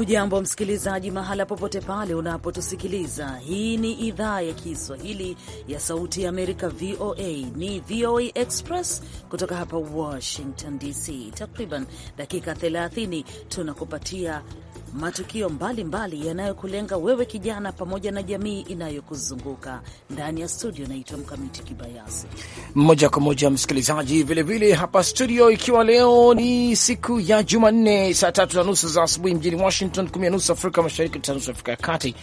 Hujambo msikilizaji, mahala popote pale unapotusikiliza. Hii ni idhaa ya Kiswahili ya Sauti ya Amerika, VOA. Ni VOA Express kutoka hapa Washington DC. Takriban dakika 30 tunakupatia matukio mbalimbali yanayokulenga wewe kijana, pamoja na jamii inayokuzunguka ndani ya studio. Naitwa Mkamiti Kibayasi, moja kwa moja msikilizaji, vilevile hapa studio, ikiwa leo ni siku ya Jumanne saa tatu na nusu za asubuhi mjini Washington Washington, kumi na nusu Afrika Mashariki, tisa nusu Afrika ya Kati.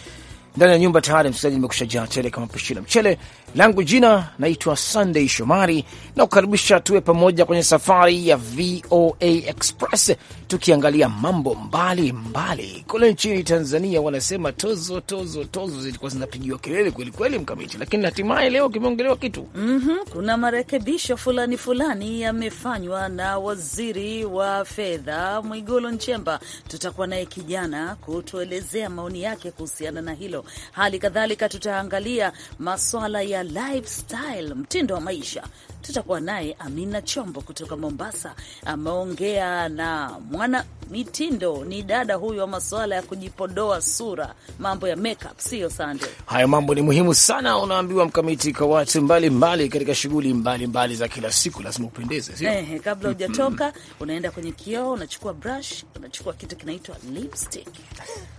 Ndani ya nyumba tayari msikilizaji, nimekusha jaa tele kama pishi la mchele langu jina naitwa Sunday Shomari na kukaribisha tuwe pamoja kwenye safari ya VOA Express tukiangalia mambo mbalimbali Kule nchini Tanzania wanasema tozo tozo tozo zilikuwa zinapigiwa kelele kwelikweli mkamiti, lakini hatimaye leo kimeongelewa kitu mm -hmm. Kuna marekebisho fulani fulani yamefanywa na waziri wa fedha Mwigulu Nchemba. Tutakuwa naye kijana kutuelezea maoni yake kuhusiana na hilo. Hali kadhalika tutaangalia maswala ya ya lifestyle, mtindo wa maisha. Tutakuwa naye Amina Chombo kutoka Mombasa, ameongea na mwana mitindo, ni dada huyu wa masuala ya kujipodoa sura, mambo ya makeup, sio sande? Hayo mambo ni muhimu sana, unaambiwa mkamiti kwa watu mbalimbali katika shughuli mbalimbali za kila siku, lazima upendeze, sio eh? Kabla mm-hmm. hujatoka mm -hmm. unaenda kwenye kioo, unachukua brush, unachukua kitu kinaitwa lipstick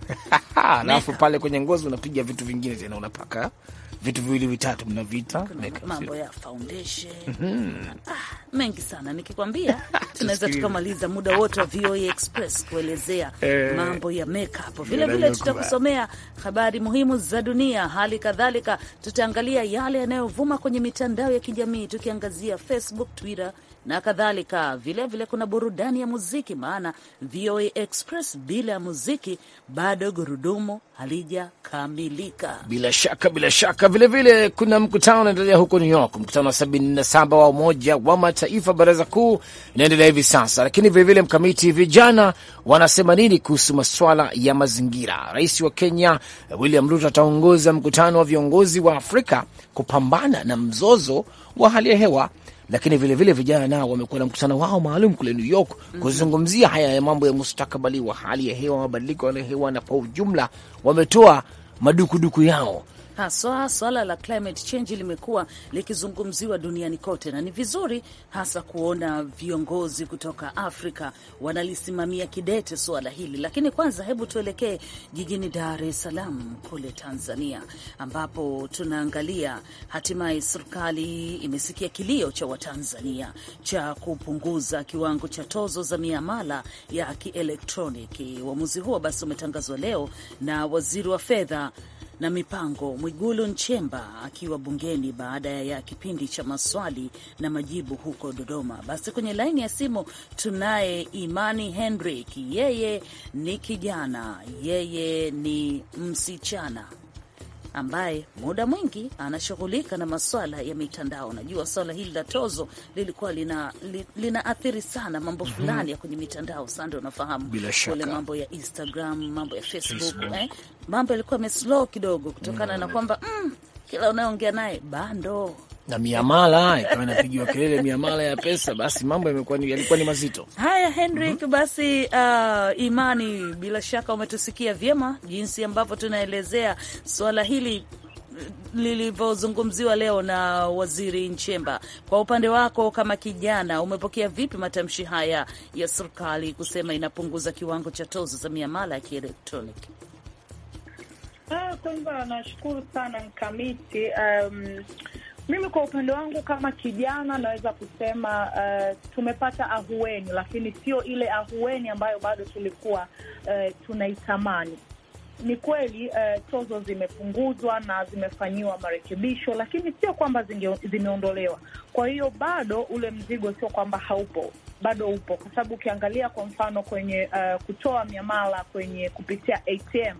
alafu pale kwenye ngozi unapiga vitu vingine tena, unapaka vitu viwili vitatu mnavita mambo ya foundation mhm. ah, mengi sana nikikwambia, tunaweza tukamaliza muda wote wa VOA Express kuelezea eh, mambo ya makeup. Vile vile tutakusomea habari muhimu za dunia, hali kadhalika tutaangalia yale yanayovuma kwenye mitandao ya kijamii tukiangazia Facebook, Twitter na kadhalika. Vilevile kuna burudani ya muziki, maana VOA Express bila ya muziki bado gurudumu halijakamilika. Bila shaka, bila shaka. Vilevile vile, kuna mkutano unaendelea huko New York, mkutano wa 77 wa Umoja wa Mataifa, baraza kuu inaendelea hivi sasa. Lakini vilevile mkamiti, vijana wanasema nini kuhusu masuala ya mazingira? Rais wa Kenya William Ruto ataongoza mkutano wa viongozi wa Afrika kupambana na mzozo wa hali ya hewa lakini vilevile vijana nao wamekuwa na mkutano wao maalum kule New York kuzungumzia haya ya mambo ya mustakabali wa hali ya hewa, mabadiliko ya hewa, na kwa ujumla wametoa madukuduku yao haswa swala la climate change limekuwa likizungumziwa duniani kote, na ni vizuri hasa kuona viongozi kutoka Afrika wanalisimamia kidete suala hili. Lakini kwanza, hebu tuelekee jijini Dar es Salaam kule Tanzania, ambapo tunaangalia hatimaye serikali imesikia kilio cha Watanzania cha kupunguza kiwango cha tozo za miamala ya kielektroniki. Uamuzi huo basi umetangazwa leo na waziri wa fedha na mipango Mwigulu Nchemba akiwa bungeni baada ya kipindi cha maswali na majibu huko Dodoma. Basi kwenye laini ya simu tunaye Imani Henrik, yeye ni kijana, yeye ni msichana ambaye muda mwingi anashughulika na maswala ya mitandao. Najua swala hili la tozo lilikuwa lina li, linaathiri sana mambo mhm. fulani mm -hmm. ya kwenye mitandao. Sande, unafahamu kule mambo ya Instagram, mambo ya Facebook, Facebook. Eh, mambo yalikuwa yameslow kidogo kutokana mm -hmm. na kwamba mm, kila unayoongea naye bando na miamala ikawa inapigiwa kelele, miamala ya pesa. Basi mambo yamekuwa yalikuwa ni mazito haya, Henrik. mm -hmm. Basi uh, Imani, bila shaka umetusikia vyema jinsi ambavyo tunaelezea suala hili uh, lilivyozungumziwa leo na waziri Nchemba. Kwa upande wako, kama kijana, umepokea vipi matamshi haya ya serikali kusema inapunguza kiwango cha tozo za miamala ya kielektroniki? Ah, Kwanza nashukuru sana Mkamiti. um, mimi kwa upande wangu kama kijana naweza kusema uh, tumepata ahueni, lakini sio ile ahueni ambayo bado tulikuwa uh, tunaitamani. Ni kweli uh, tozo zimepunguzwa na zimefanyiwa marekebisho, lakini sio kwamba zimeondolewa. Kwa hiyo bado ule mzigo sio kwamba haupo, bado upo, kwa sababu ukiangalia kwa mfano kwenye uh, kutoa miamala kwenye kupitia ATM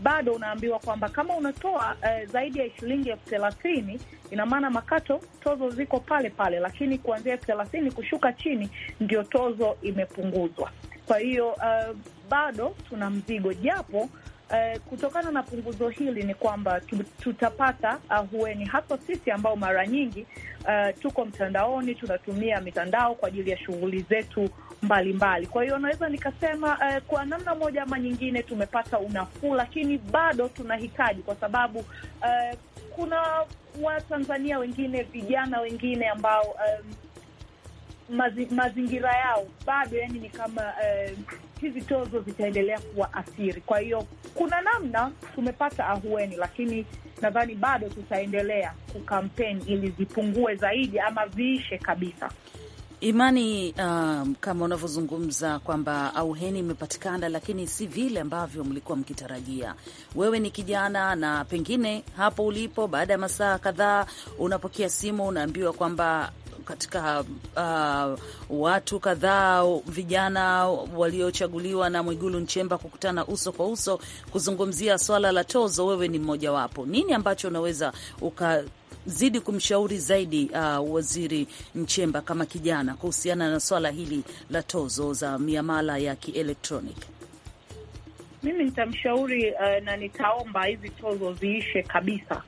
bado unaambiwa kwamba kama unatoa eh, zaidi ya shilingi elfu thelathini ina maana makato tozo ziko pale pale, lakini kuanzia elfu thelathini kushuka chini ndio tozo imepunguzwa. Kwa hiyo eh, bado tuna mzigo japo Uh, kutokana na punguzo hili ni kwamba tutapata ahueni uh, hasa sisi ambao mara nyingi uh, tuko mtandaoni, tunatumia mitandao kwa ajili ya shughuli zetu mbalimbali. Kwa hiyo naweza nikasema eh, kwa namna moja ama nyingine tumepata unafuu, lakini bado tunahitaji kwa sababu eh, kuna Watanzania wengine vijana wengine ambao eh, mazi, mazingira yao bado yani ni kama eh, hizi tozo zitaendelea kuwa athiri Kwa hiyo kuna namna tumepata ahueni, lakini nadhani bado tutaendelea kukampeni ili zipungue zaidi ama viishe kabisa. Imani, um, kama unavyozungumza kwamba auheni imepatikana, lakini si vile ambavyo mlikuwa mkitarajia. Wewe ni kijana na pengine hapo ulipo, baada ya masaa kadhaa unapokea simu, unaambiwa kwamba katika uh, watu kadhaa vijana waliochaguliwa na Mwigulu Nchemba kukutana uso kwa uso kuzungumzia swala la tozo, wewe ni mmojawapo. Nini ambacho unaweza uka zidi kumshauri zaidi uh, Waziri mchemba kama kijana kuhusiana na swala hili la tozo za miamala ya kielektroni Mimi nitamshauri uh, na nitaomba hizi tozo ziishe kabisa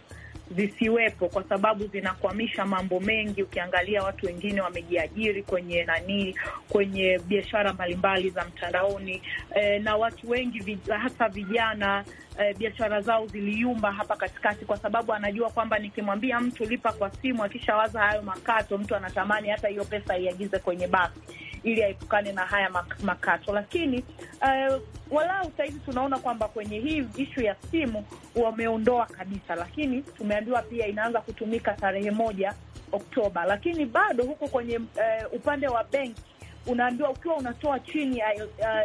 zisiwepo kwa sababu zinakwamisha mambo mengi. Ukiangalia watu wengine wamejiajiri kwenye nani, kwenye biashara mbalimbali za mtandaoni e, na watu wengi hasa vijana e, biashara zao ziliyumba hapa katikati, kwa sababu anajua kwamba nikimwambia mtu lipa kwa simu, akishawaza hayo makato, mtu anatamani hata hiyo pesa iagize kwenye basi ili aepukane na haya makato. Lakini uh, walau sahizi tunaona kwamba kwenye hii ishu ya simu wameondoa kabisa, lakini tumeambiwa pia inaanza kutumika tarehe moja Oktoba, lakini bado huko kwenye uh, upande wa benki unaambiwa ukiwa unatoa chini ya eh,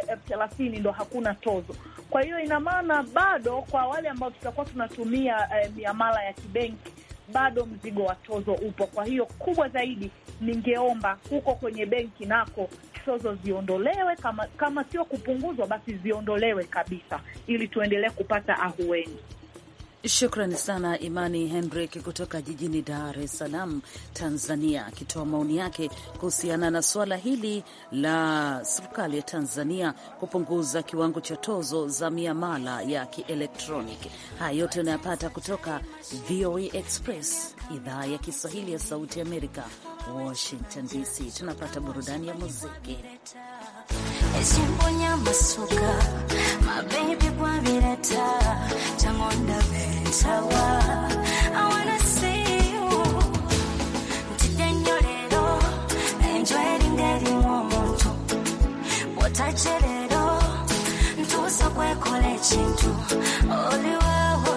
elfu thelathini ndo hakuna tozo. Kwa hiyo ina maana bado kwa wale ambao tutakuwa tunatumia uh, miamala ya kibenki bado mzigo wa tozo upo. Kwa hiyo kubwa zaidi, ningeomba huko kwenye benki nako tozo ziondolewe, kama kama sio kupunguzwa, basi ziondolewe kabisa, ili tuendelee kupata ahueni. Shukran sana Imani henrik kutoka jijini Dar es Salaam, Tanzania, akitoa maoni yake kuhusiana na suala hili la serikali ya Tanzania kupunguza kiwango cha tozo za miamala ya kielektroniki. Haya yote unayapata kutoka VOA Express, idhaa ya Kiswahili ya Sauti Amerika, Washington DC. Tunapata burudani ya muziki esimponya masuka mabebi kwabirata tangonda bentawa tachelero ntusa kwekola ekintu oliwewo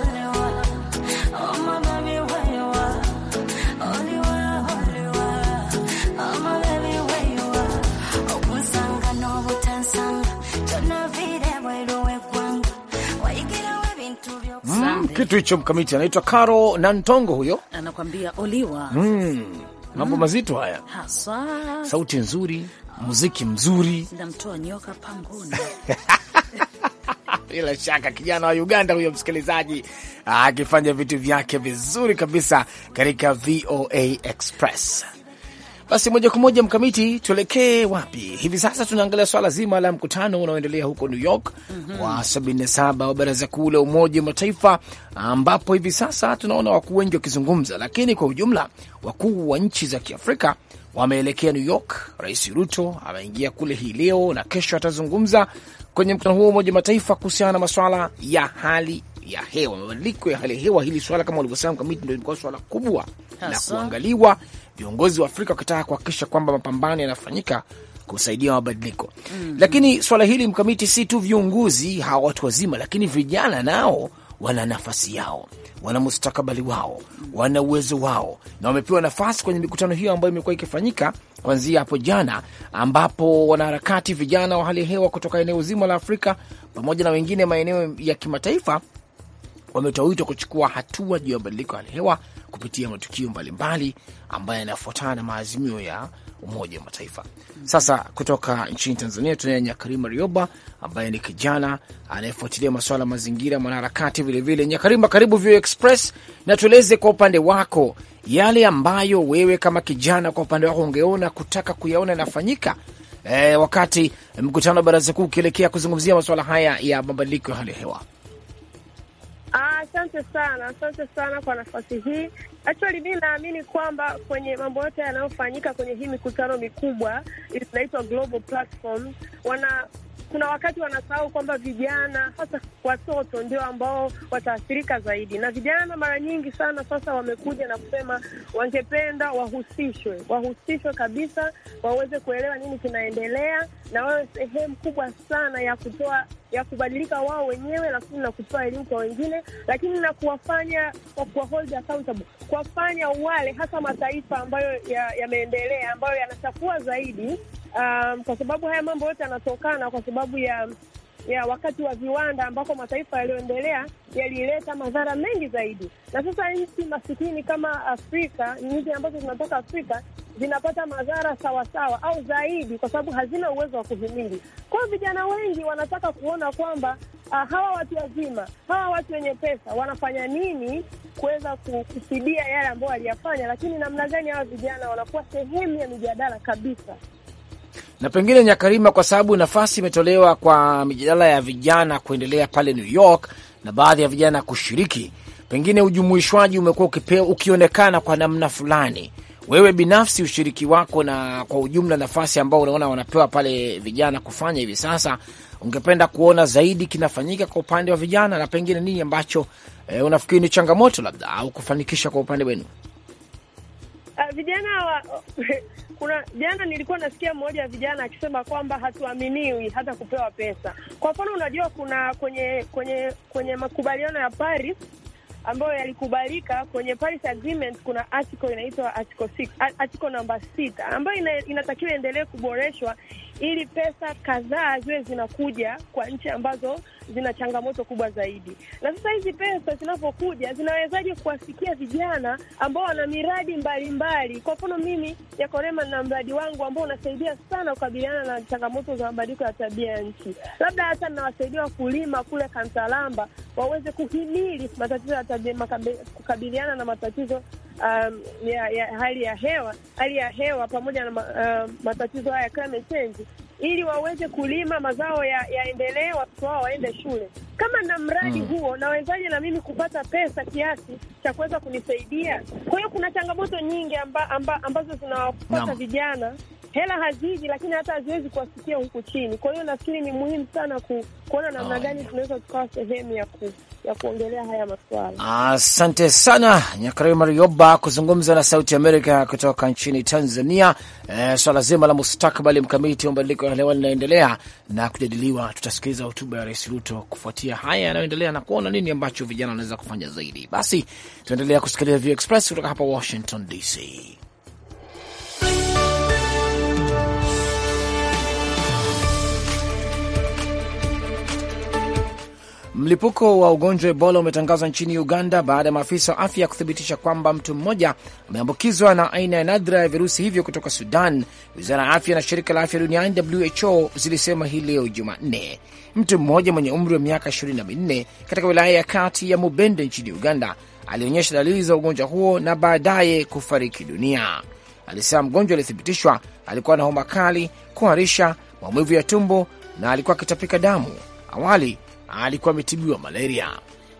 kitu hicho mkamiti. Anaitwa Karo na Ntongo, huyo anakwambia oliwa. Mm, mambo mm, mazito haya haswa. Sauti nzuri, muziki mzuri, namtoa nyoka pangoni bila shaka kijana wa Uganda huyo, msikilizaji akifanya vitu vyake vizuri kabisa katika VOA Express. Basi moja kwa moja mkamiti, tuelekee wapi hivi sasa? Tunaangalia swala zima la mkutano unaoendelea huko New York mm -hmm. wa 77 wa baraza kuu la Umoja wa Mataifa, ambapo hivi sasa tunaona wakuu wengi wakizungumza, lakini kwa ujumla wakuu wa nchi za Kiafrika wameelekea New York. Rais Ruto ameingia kule hii leo na kesho atazungumza kwenye mkutano huo wa Umoja Mataifa kuhusiana na masuala ya hali ya hewa, mabadiliko ya hali ya hewa. Hili swala kama walivyosema Mkamiti, ndo limekuwa swala kubwa la kuangaliwa viongozi wa Afrika wakitaka kuhakikisha kwamba mapambano yanafanyika kusaidia mabadiliko mm. Lakini swala hili mkamiti, si tu viongozi hawa watu wazima, lakini vijana nao wana nafasi yao, wana mustakabali wao, wana uwezo wao, na wamepewa nafasi kwenye mikutano hiyo ambayo imekuwa ikifanyika kuanzia hapo jana, ambapo wanaharakati vijana wa hali ya hewa kutoka eneo zima la Afrika pamoja na wengine maeneo ya kimataifa wametoa wito kuchukua hatua juu ya mabadiliko ya hewa kupitia matukio mbalimbali ambayo yanafuatana na maazimio ya Umoja wa Mataifa. Sasa kutoka nchini Tanzania tunaye Nyakarima Rioba ambaye ni kijana anayefuatilia masuala ya mazingira, mwanaharakati vilevile. Nyakarima, karibu Vio Express na tueleze kwa upande wako yale ambayo wewe kama kijana kwa upande wako ungeona kutaka kuyaona yanafanyika eh, wakati mkutano wa baraza kuu ukielekea kuzungumzia masuala haya ya mabadiliko ya hali ya hewa. Ah, asante sana, asante sana kwa nafasi hii. Actually, mi naamini kwamba kwenye mambo yote yanayofanyika kwenye hii mikutano mikubwa inaitwa global platform, wana kuna wakati wanasahau kwamba vijana hasa watoto ndio ambao wataathirika zaidi, na vijana mara nyingi sana sasa wamekuja na kusema wangependa wahusishwe, wahusishwe kabisa, waweze kuelewa nini kinaendelea, na wawe sehemu kubwa sana ya kutoa ya kubadilika wao wenyewe, lakini na kutoa elimu kwa wengine, lakini na kuwafanya kuwa hold accountable, kuwafanya wale hasa mataifa ambayo yameendelea ya ambayo yanachafua zaidi um, kwa sababu haya mambo yote yanatokana kwa sababu ya ya wakati wa viwanda ambako mataifa yaliyoendelea yalileta madhara mengi zaidi. Na sasa nchi masikini kama Afrika, nchi ambazo zinatoka Afrika zinapata madhara sawasawa au zaidi, kwa sababu hazina uwezo wa kuhimili. Kwa hiyo vijana wengi wanataka kuona kwamba uh, hawa watu wazima, hawa watu wenye pesa wanafanya nini kuweza kufidia yale ambayo waliyafanya, lakini namna gani hawa vijana wanakuwa sehemu ya mijadala kabisa. Na pengine Nyakarima, kwa sababu nafasi imetolewa kwa mijadala ya vijana kuendelea pale New York na baadhi ya vijana kushiriki, pengine ujumuishwaji umekuwa ukionekana kwa namna fulani. Wewe binafsi ushiriki wako na kwa ujumla nafasi ambao unaona wanapewa pale vijana kufanya hivi sasa, ungependa kuona zaidi kinafanyika kwa upande wa vijana, na pengine nini ambacho e, unafikiri ni changamoto labda au kufanikisha kwa upande wenu? Ah, vijana wa kuna jana nilikuwa nasikia mmoja wa vijana akisema kwamba hatuaminiwi hata kupewa pesa. Kwa mfano, unajua kuna kwenye kwenye kwenye makubaliano ya Paris ambayo yalikubalika kwenye Paris Agreement, kuna article inaitwa article 6 article namba sita ambayo ina, inatakiwa endelee kuboreshwa ili pesa kadhaa ziwe zinakuja kwa nchi ambazo zina changamoto kubwa zaidi. Na sasa hizi pesa zinapokuja, zinawezaje kuwafikia vijana ambao wana miradi mbalimbali? Kwa mfano mimi ya Korema na mradi wangu ambao unasaidia sana kukabiliana na changamoto za mabadiliko ya tabia ya nchi, labda hata nawasaidia wakulima kule Kantalamba waweze kuhimili matatizo ya tabia, kukabiliana na matatizo um, ya, ya hali ya hewa hali ya hewa pamoja na uh, matatizo haya ya climate change, ili waweze kulima mazao yaendelee, ya watoto wao waende shule. Kama na mradi mm, huo nawezaje na mimi kupata pesa kiasi cha kuweza kunisaidia? Kwa hiyo kuna changamoto nyingi amba, amba, ambazo zinawapata vijana hela haziji, lakini hata haziwezi kuwafikia huku chini. Kwa hiyo nafikiri ni muhimu sana ku, kuona namna gani tunaweza tukawa sehemu ya, ku, ya kuongelea haya masuala. Asante sana Nyakarima Marioba kuzungumza na Sauti Amerika kutoka nchini Tanzania. Eh, swala so zima la mustakabali mkamiti wa mabadiliko ya hewa linaendelea na kujadiliwa. Tutasikiliza hotuba ya Rais Ruto kufuatia haya yanayoendelea na kuona nini ambacho vijana wanaweza kufanya zaidi. Basi tuendelea kusikiliza View Express kutoka hapa Washington DC. Mlipuko wa ugonjwa wa Ebola umetangazwa nchini Uganda baada ya maafisa wa afya kuthibitisha kwamba mtu mmoja ameambukizwa na aina ya nadra ya virusi hivyo kutoka Sudan. Wizara ya afya na shirika la afya duniani WHO zilisema hii leo Jumanne. Mtu mmoja mwenye umri wa miaka 24 katika wilaya ya kati ya Mubende nchini Uganda alionyesha dalili za ugonjwa huo na baadaye kufariki dunia. Alisema mgonjwa aliyethibitishwa alikuwa na homa kali, kuharisha, maumivu ya tumbo na alikuwa akitapika damu. Awali alikuwa ametibiwa malaria.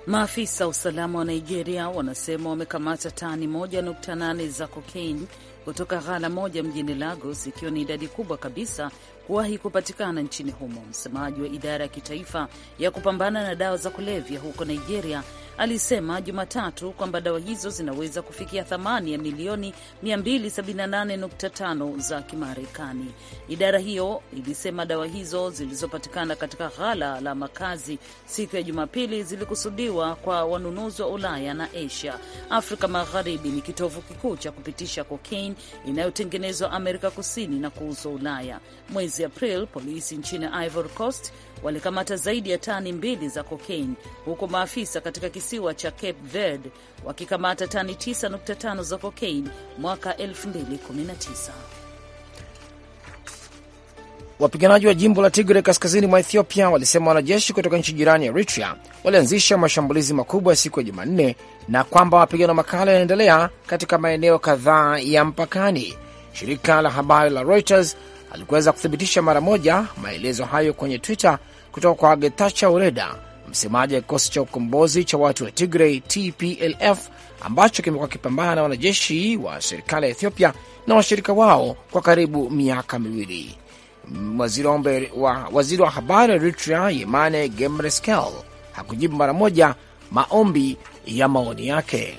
Maafisa wa usalama wa Nigeria wanasema wamekamata tani 1.8 za kokaini kutoka ghala moja mjini Lagos, ikiwa ni idadi kubwa kabisa kuwahi kupatikana nchini humo. Msemaji wa idara ya kitaifa ya kupambana na dawa za kulevya huko Nigeria alisema Jumatatu kwamba dawa hizo zinaweza kufikia thamani ya milioni 278.5 za Kimarekani. Idara hiyo ilisema dawa hizo zilizopatikana katika ghala la makazi siku ya Jumapili zilikusudiwa kwa wanunuzi wa Ulaya na Asia. Afrika Magharibi ni kitovu kikuu cha kupitisha kokaini inayotengenezwa Amerika Kusini na kuuzwa Ulaya. Mwezi april polisi nchini Ivory Coast walikamata zaidi ya tani mbili za kokaini, huku maafisa katika kisi kisiwa cha Cape Verde wakikamata tani 9.5 za kokaini mwaka 2019. Wapiganaji wa jimbo la Tigre kaskazini mwa Ethiopia walisema wanajeshi kutoka nchi jirani ya Eritrea walianzisha mashambulizi makubwa siku ya Jumanne na kwamba mapigano makali yanaendelea katika maeneo kadhaa ya mpakani. Shirika la habari la Reuters alikuweza kuthibitisha mara moja maelezo hayo kwenye Twitter kutoka kwa Getacha ureda msemaji wa kikosi cha ukombozi cha watu wa Tigray TPLF ambacho kimekuwa kipambana na wanajeshi wa serikali ya Ethiopia na washirika wao kwa karibu miaka miwili. Waziri wa habari wa Eritrea Yemane Gemreskel hakujibu mara moja maombi ya maoni yake.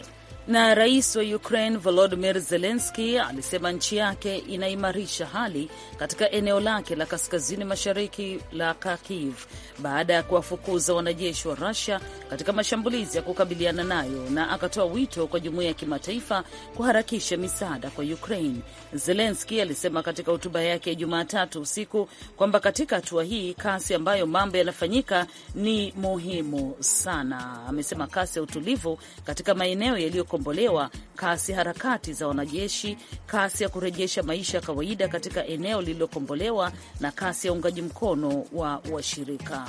Na rais wa Ukraine volodimir zelenski alisema nchi yake inaimarisha hali katika eneo lake la kaskazini mashariki la Kharkiv baada ya kuwafukuza wanajeshi wa Russia katika mashambulizi ya kukabiliana nayo, na akatoa wito kwa jumuiya ya kimataifa kuharakisha misaada kwa Ukraine. zelenski alisema katika hotuba yake ya Jumatatu usiku kwamba katika hatua hii kasi ambayo mambo yanafanyika ni muhimu sana. Amesema kasi ya utulivu katika maeneo yaliyo kukombolewa, kasi harakati za wanajeshi, kasi ya kurejesha maisha ya kawaida katika eneo lililokombolewa na kasi ya uungaji mkono wa washirika.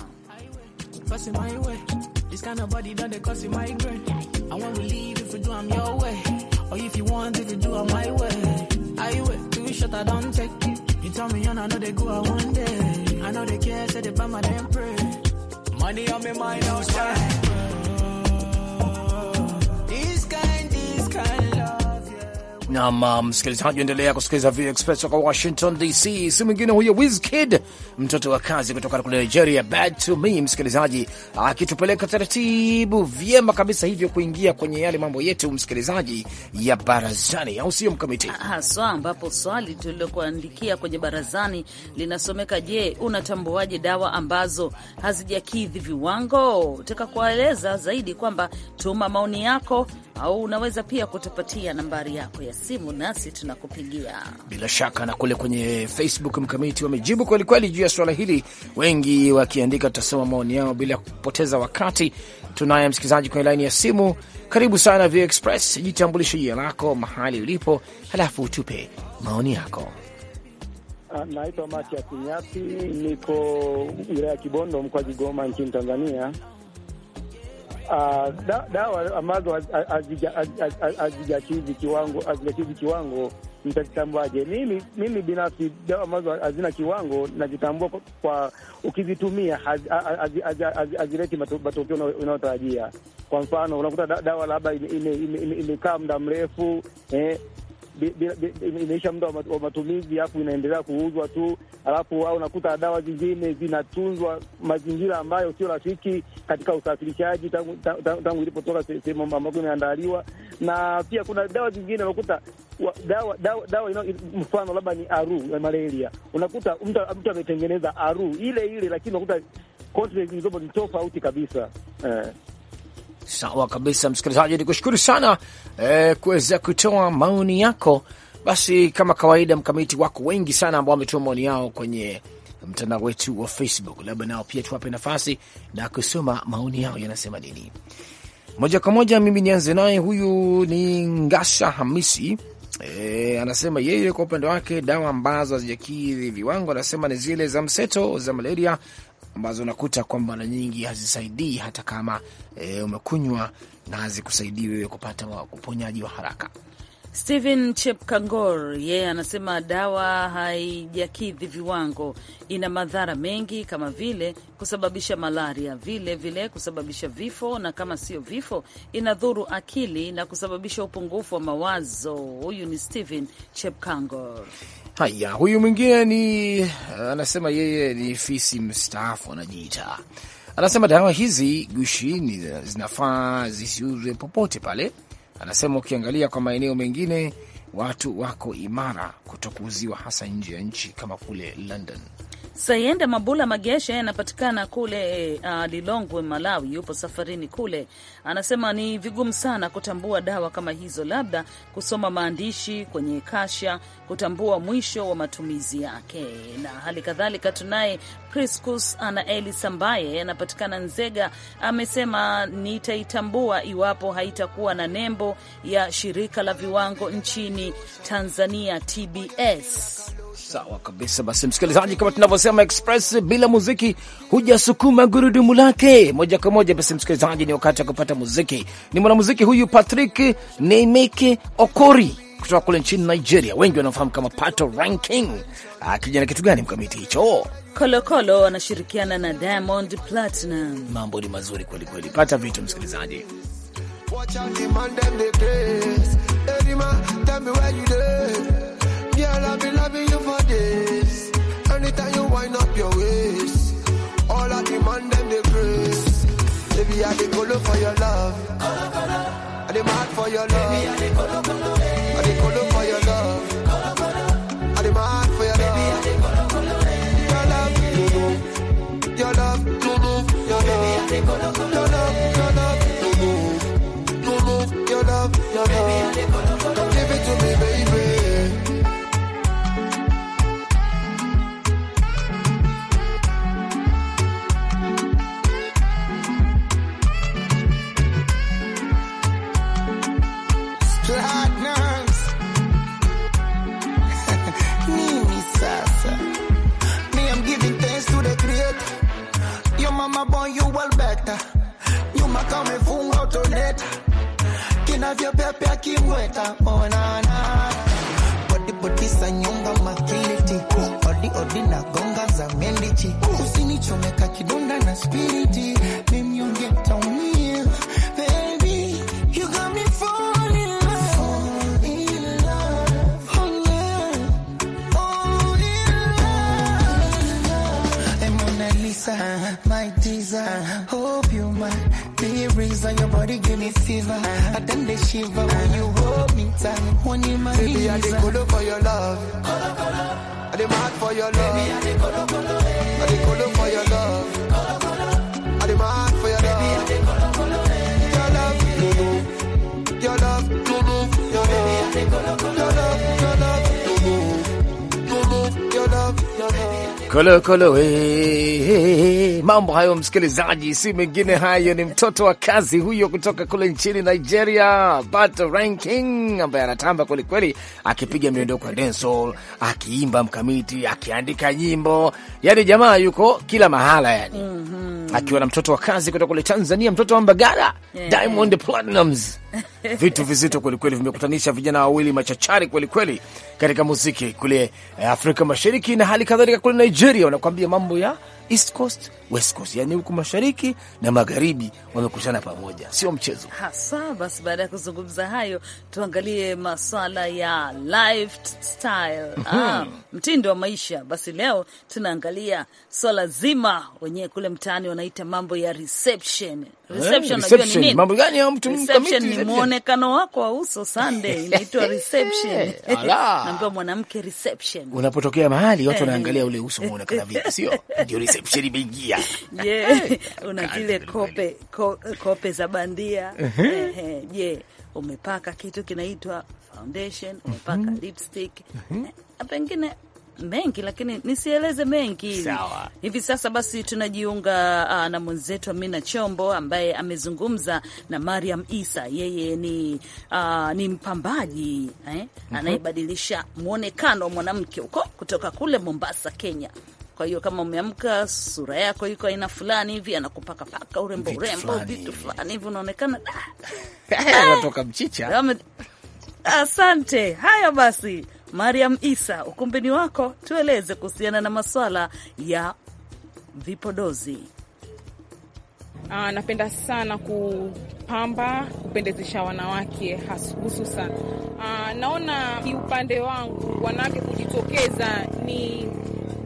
Nam msikilizaji, endelea kusikiliza VOA Express kutoka Washington DC. Si mwingine huyo Wizkid, mtoto wa kazi kutoka kule Nigeria, bad to me, msikilizaji, akitupeleka taratibu vyema kabisa hivyo kuingia kwenye yale mambo yetu msikilizaji ya barazani, au sio mkamiti ah, haswa, ambapo swali tulilokuandikia kwenye barazani linasomeka: Je, unatambuaje dawa ambazo hazijakidhi viwango? taka kuwaeleza zaidi kwamba tuma maoni yako, au unaweza pia kutupatia nambari yako ya simu nasi tunakupigia bila shaka. Na kule kwenye Facebook mkamiti wamejibu kwelikweli juu ya swala hili, wengi wakiandika, tutasoma maoni yao bila kupoteza wakati. Tunaye msikilizaji kwenye laini ya simu. Karibu sana Vio Express, jitambulishe jina lako, mahali ulipo, halafu utupe maoni yako. Ah, naitwa Matias kinyapi niko wilaya ya Kibondo, mkoa wa Kigoma, nchini Tanzania. Ah, dawa ambazo hazijachizi kiwango hazijakidhi kiwango nitazitambuaje? Mimi mimi binafsi dawa ambazo hazina kiwango nazitambua kwa, kwa ukizitumia hazileti matokeo unayotarajia. Kwa mfano unakuta dawa labda imekaa muda mrefu eh, imeisha muda wa matumizi, alafu inaendelea kuuzwa tu, alafu au unakuta dawa zingine zinatunzwa mazingira ambayo sio rafiki katika usafirishaji tangu, tangu, tangu ilipotoka sehemu ambako imeandaliwa. Na pia kuna dawa zingine unakuta dawa dawa, dawa ino, mfano labda ni aru ya malaria, unakuta mtu ametengeneza aru ile ile, lakini unakuta kontinenti zilizopo ni tofauti kabisa eh. Sawa kabisa, msikilizaji, ni kushukuru sana eh, kuweza kutoa maoni yako. Basi kama kawaida, mkamiti wako wengi sana ambao wametoa maoni yao kwenye mtandao wetu wa Facebook, labda nao pia tuwape nafasi na kusoma maoni yao yanasema nini. Moja kwa moja, mimi nianze naye, huyu ni Ngasha Hamisi. E, anasema yeye kwa upande wake dawa ambazo hazijakidhi viwango anasema ni zile za mseto za malaria ambazo unakuta kwamba mara nyingi hazisaidii hata kama e, umekunywa na hazikusaidii wewe kupata uponyaji wa haraka. Stephen Chepkangor yeye yeah, anasema dawa haijakidhi viwango, ina madhara mengi kama vile kusababisha malaria, vile vile kusababisha vifo, na kama sio vifo, inadhuru akili na kusababisha upungufu wa mawazo. Huyu ni Stephen Chepkangor. Haya, huyu mwingine ni anasema yeye ni fisi mstaafu anajiita. Anasema dawa hizi gushi zinafaa zisiuzwe popote pale. Anasema ukiangalia kwa maeneo mengine watu wako imara kutokuuziwa, hasa nje ya nchi kama kule London. Sayenda Mabula Magesha anapatikana kule uh, Lilongwe, Malawi, yupo safarini kule. Anasema ni vigumu sana kutambua dawa kama hizo, labda kusoma maandishi kwenye kasha kutambua mwisho wa matumizi yake. Na hali kadhalika tunaye Priscus anaeli ambaye anapatikana Nzega, amesema nitaitambua iwapo haitakuwa na nembo ya shirika la viwango nchini Tanzania, TBS. Sawa kabisa. Basi msikilizaji, kama tunavyosema express bila muziki hujasukuma gurudumu lake moja kwa moja. Basi msikilizaji, ni wakati wa kupata muziki. Ni mwanamuziki huyu Patrick Neimeke Okori kutoka kule nchini Nigeria, wengi wanaofahamu kama Pato Ranking. Akija na kitu gani mkamiti hicho? Kolokolo anashirikiana na Diamond Platinum. Mambo ni mazuri kweli kweli, pata vitu msikilizaji. Watch out, Girl, I be loving you for days. Anytime you wind up your waist, all I demand them the grace. Baby, I the color for your love. Color, color. I demand for your love. Baby, I the color. time. One in my Baby, I did colo for your love. Colo, colo. I did mad for your love. Baby, I did colo, colo, hey. Eh. I did colo for your love. Colo, colo. Kolo kolo, hey, mambo hayo msikilizaji, si mengine hayo, ni mtoto wa kazi huyo kutoka kule nchini Nigeria, bat Ranking, ambaye anatamba kwelikweli, akipiga miondoko ya dancehall, akiimba mkamiti, akiandika nyimbo, yani jamaa yuko kila mahala yani. mm -hmm. Akiwa na mtoto wa kazi kutoka kule Tanzania, mtoto wa Mbagala, yeah. Diamond Platnumz vitu vizito kwelikweli, vimekutanisha vijana wawili machachari kwelikweli katika muziki kule eh, Afrika Mashariki na hali kadhalika kule Nigeria, wanakuambia mambo ya East Coast, West Coast, yani huku mashariki na magharibi wamekutana pamoja, sio mchezo hasa. Basi baada ya kuzungumza hayo, tuangalie maswala ya lifestyle, ah, mhm. mtindo wa maisha. Basi leo tunaangalia swala so zima wenyewe kule mtaani wanaita mambo ya reception Reception, eh, reception. mambo gani ya mtu Ni muonekano wako wa uso Sunday, inaitwa reception. Eh, mwanamke reception. Unapotokea mahali watu eh. wanaangalia ule uso muonekana vipi, sio? Ndio reception imeingia. una zile kope ko, kope za bandia? Uh-huh. Ehe, je, umepaka kitu kinaitwa foundation, umepaka uh-huh. lipstick? Uh-huh. Pengine mengi, lakini nisieleze mengi hivi sasa. Basi tunajiunga aa, ah, na mwenzetu Amina Chombo ambaye amezungumza na Mariam Isa. Yeye ni, aa, ah, ni mpambaji eh, mm -hmm. anayebadilisha mwonekano wa mwanamke huko kutoka kule Mombasa, Kenya. Kwa hiyo kama umeamka, sura yako iko aina fulani hivi, anakupakapaka urembo, urembo, vitu fulani hivi, unaonekana unatoka eh. mchicha. Asante. Haya basi Mariam Isa, ukumbini wako, tueleze kuhusiana na maswala ya vipodozi. Aa, ah, napenda sana kupamba, kupendezesha wanawake hususan. Ah, naona kiupande wangu wanawake kujitokeza ni,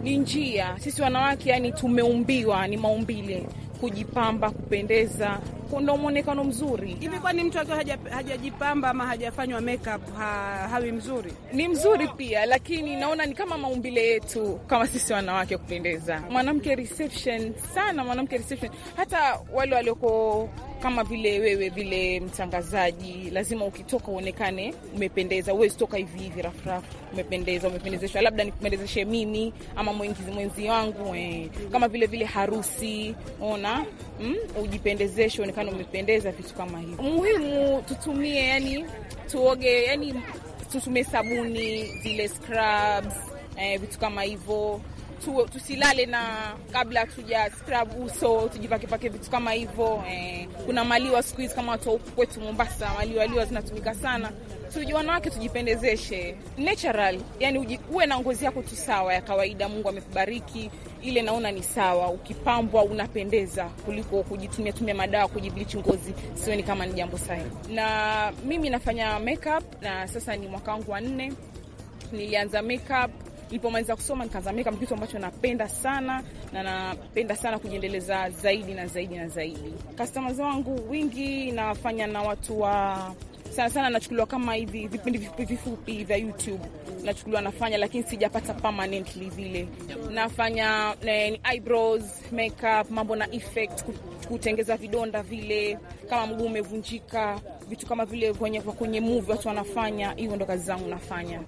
ni njia sisi wanawake yani tumeumbiwa, ni maumbile kujipamba, kupendeza, kuna mwonekano mzuri hivi. Kwani mtu akiwa hajajipamba ama hajafanywa makeup ha, hawi mzuri? Ni mzuri pia, lakini naona ni kama maumbile yetu kama sisi wanawake kupendeza. Mwanamke reception sana, mwanamke reception, hata wale walioko kama vile wewe vile mtangazaji, lazima ukitoka uonekane umependeza. Uwezi toka hivi hivi rafurafu. Umependeza, umependezeshwa, labda nikupendezeshe mimi ama mwenzi mwenzi wangu eh. Kama vile vile harusi, ona mm, ujipendezeshe, uonekane umependeza, vitu kama hivi. Muhimu tutumie, yani tuoge, yani tutumie sabuni zile scrubs, eh, vitu kama hivyo tu, tusilale na kabla tuja scrub uso tujipakepake vitu kama hivyo eh. Kuna maliwa siku hizi kama watu kwetu Mombasa, maliwaliwa zinatumika sana. Tuji wanawake tujipendezeshe natural, yani uwe na ngozi yako tu sawa ya kawaida. Mungu amekubariki ile, naona ni sawa, ukipambwa unapendeza kuliko kujitumia tumia madawa kujiblichi ngozi, sioni kama ni jambo sahihi. Na mimi nafanya makeup na sasa ni mwaka wangu wa nne. Nilianza makeup Nilipomaliza kusoma nikaanza makeup, kitu ambacho napenda sana na napenda sana kujiendeleza zaidi na zaidi na zaidi. Customers wangu wingi nafanya na watu wa sana sana nachukuliwa kama hivi vipindi vifupi vya YouTube nachukuliwa nafanya, lakini sijapata permanently vile. Nafanya eh, ne, eyebrows, makeup, mambo na effect, kutengeza vidonda vile, kama mguu umevunjika, vitu kama vile kwenye, kwenye movie watu wanafanya hivyo, ndo kazi zangu nafanya.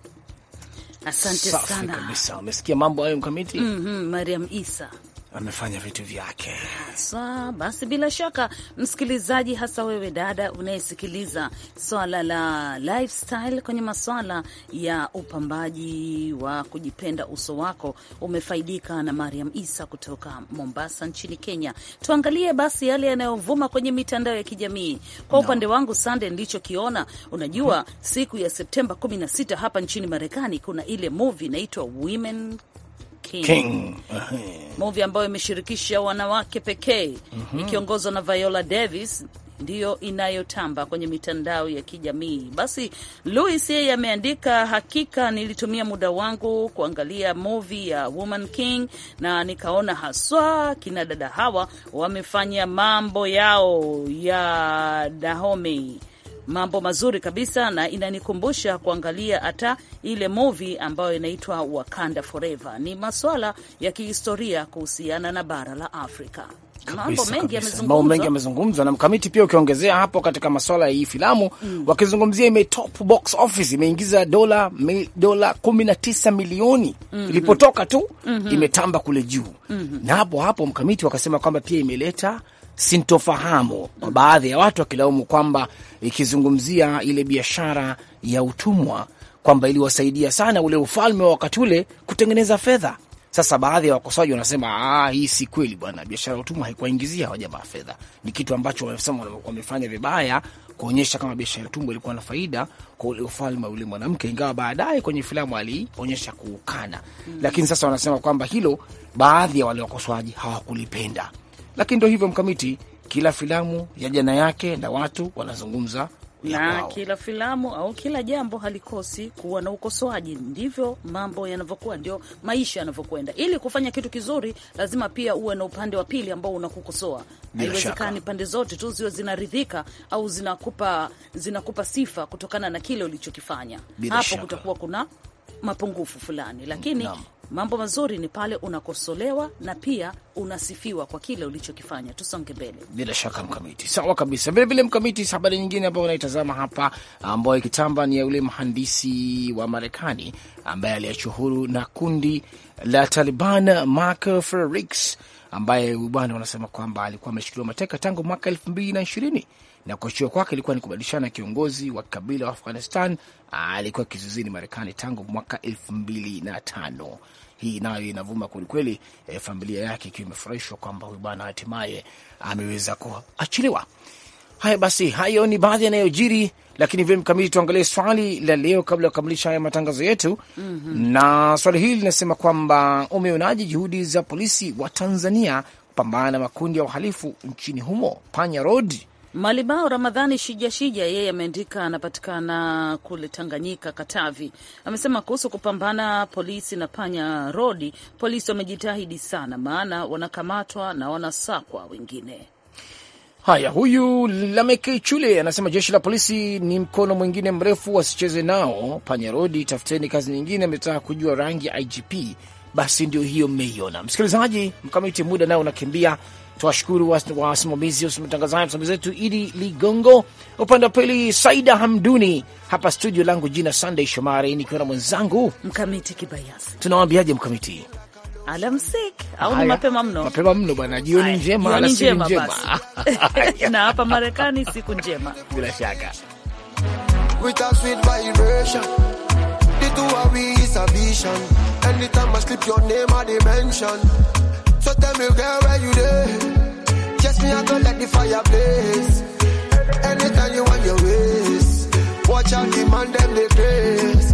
Asante sana. kabisa, umesikia mambo hayo mkamiti. mm -hmm, Mariam Isa amefanya vitu vyake. Sa basi, bila shaka msikilizaji, hasa wewe dada unayesikiliza swala la lifestyle kwenye maswala ya upambaji wa kujipenda uso wako, umefaidika na Mariam Isa kutoka Mombasa nchini Kenya. Tuangalie basi yale yanayovuma kwenye mitandao ya kijamii. Kwa upande no. wangu Sande, nilichokiona unajua, siku ya Septemba 16 hapa nchini Marekani kuna ile movie inaitwa Women King, King. Uh-huh. Movie ambayo imeshirikisha wanawake pekee mm -hmm. ikiongozwa na Viola Davis ndiyo inayotamba kwenye mitandao ya kijamii. Basi Louis yeye ameandika, hakika nilitumia muda wangu kuangalia movie ya Woman King na nikaona haswa kina dada hawa wamefanya mambo yao ya Dahomey mambo mazuri kabisa, na inanikumbusha kuangalia hata ile movie ambayo inaitwa Wakanda Forever. Ni maswala ya kihistoria kuhusiana na bara la Afrika. Mambo mengi yamezungumzwa na mkamiti pia. Ukiongezea hapo katika maswala ya hii filamu mm, wakizungumzia ime top box office imeingiza dola dola 19 milioni mm -hmm, ilipotoka tu mm -hmm, imetamba kule juu mm -hmm, na hapo hapo mkamiti wakasema kwamba pia imeleta sintofahamu baadhi ya watu, wakilaumu kwamba ikizungumzia ile biashara ya utumwa kwamba iliwasaidia sana ule ufalme wa wakati ule kutengeneza fedha. Sasa baadhi ya wakosoaji wanasema ah, hii si kweli bwana, biashara ya utumwa haikuwaingizia wajamaa fedha, ni kitu ambacho wamesema wamefanya vibaya kuonyesha kama biashara ya utumwa ilikuwa na faida kwa ule ufalme ule mwanamke, ingawa baadaye kwenye filamu alionyesha kuukana mm. Lakini sasa wanasema kwamba hilo baadhi ya wale wakosoaji hawakulipenda lakini ndo hivyo mkamiti, kila filamu ya jana yake na watu wanazungumza na Kila filamu au kila jambo halikosi kuwa na ukosoaji. Ndivyo mambo yanavyokuwa, ndio maisha yanavyokwenda. Ili kufanya kitu kizuri, lazima pia uwe na upande wa pili ambao unakukosoa. Haiwezekani pande zote tu ziwe zinaridhika au zinakupa, zinakupa sifa kutokana na kile ulichokifanya. Hapo kutakuwa kuna mapungufu fulani, lakini Mambo mazuri ni pale unakosolewa na pia unasifiwa kwa kile ulichokifanya. Tusonge mbele. Bila shaka Mkamiti, sawa kabisa. Vilevile Mkamiti, habari nyingine ambayo unaitazama hapa, ambayo ikitamba ni ya yule mhandisi wa Marekani ambaye aliachwa huru na kundi la Taliban, Mark Frericks, ambaye bwana wanasema kwamba alikuwa ameshikiliwa mateka tangu mwaka elfu mbili na ishirini na kuachiwa kwake ilikuwa ni kubadilishana kiongozi wa kabila wa Afghanistan alikuwa kizuizini Marekani tangu mwaka elfu mbili na tano. Hii nayo inavuma kwelikweli. Eh, familia yake ikiwa imefurahishwa kwamba huyu bwana hatimaye ameweza kuachiliwa. Haya basi, hayo ni baadhi yanayojiri, lakini vile mkamili, tuangalie swali la leo kabla ya kukamilisha haya matangazo yetu. mm -hmm. Na swali hili linasema kwamba umeonaje juhudi za polisi wa Tanzania kupambana na makundi ya uhalifu nchini humo? Panya Road malibao Ramadhani shija shija yeye ameandika, anapatikana kule Tanganyika, Katavi. Amesema kuhusu kupambana polisi na panya rodi, polisi wamejitahidi sana, maana wanakamatwa na wanasakwa wengine. Haya, huyu Lameke Chule anasema jeshi la polisi ni mkono mwingine mrefu, wasicheze nao. Panya rodi, tafuteni kazi nyingine. Ametaka kujua rangi ya IGP. Basi ndio hiyo mmeiona, msikilizaji. Mkamiti, muda nao unakimbia Tuwashukuru wasimamizi wa matangazo haya, msimamizi wetu Idi Ligongo, upande wa pili Saida Hamduni, hapa studio langu jina Sunday Shomari, nikiwa na mwenzangu Mkamiti Kibayasi. Tunawambiaje Mkamiti? Alamsik au ni mapema mno? Mapema mno bwana, jioni njema na siku njema na hapa Marekani siku njema bila shaka So tell me, girl, where you there? Just me, I don't let the fire blaze. Anytime you want your ways, watch out, demand them the grace.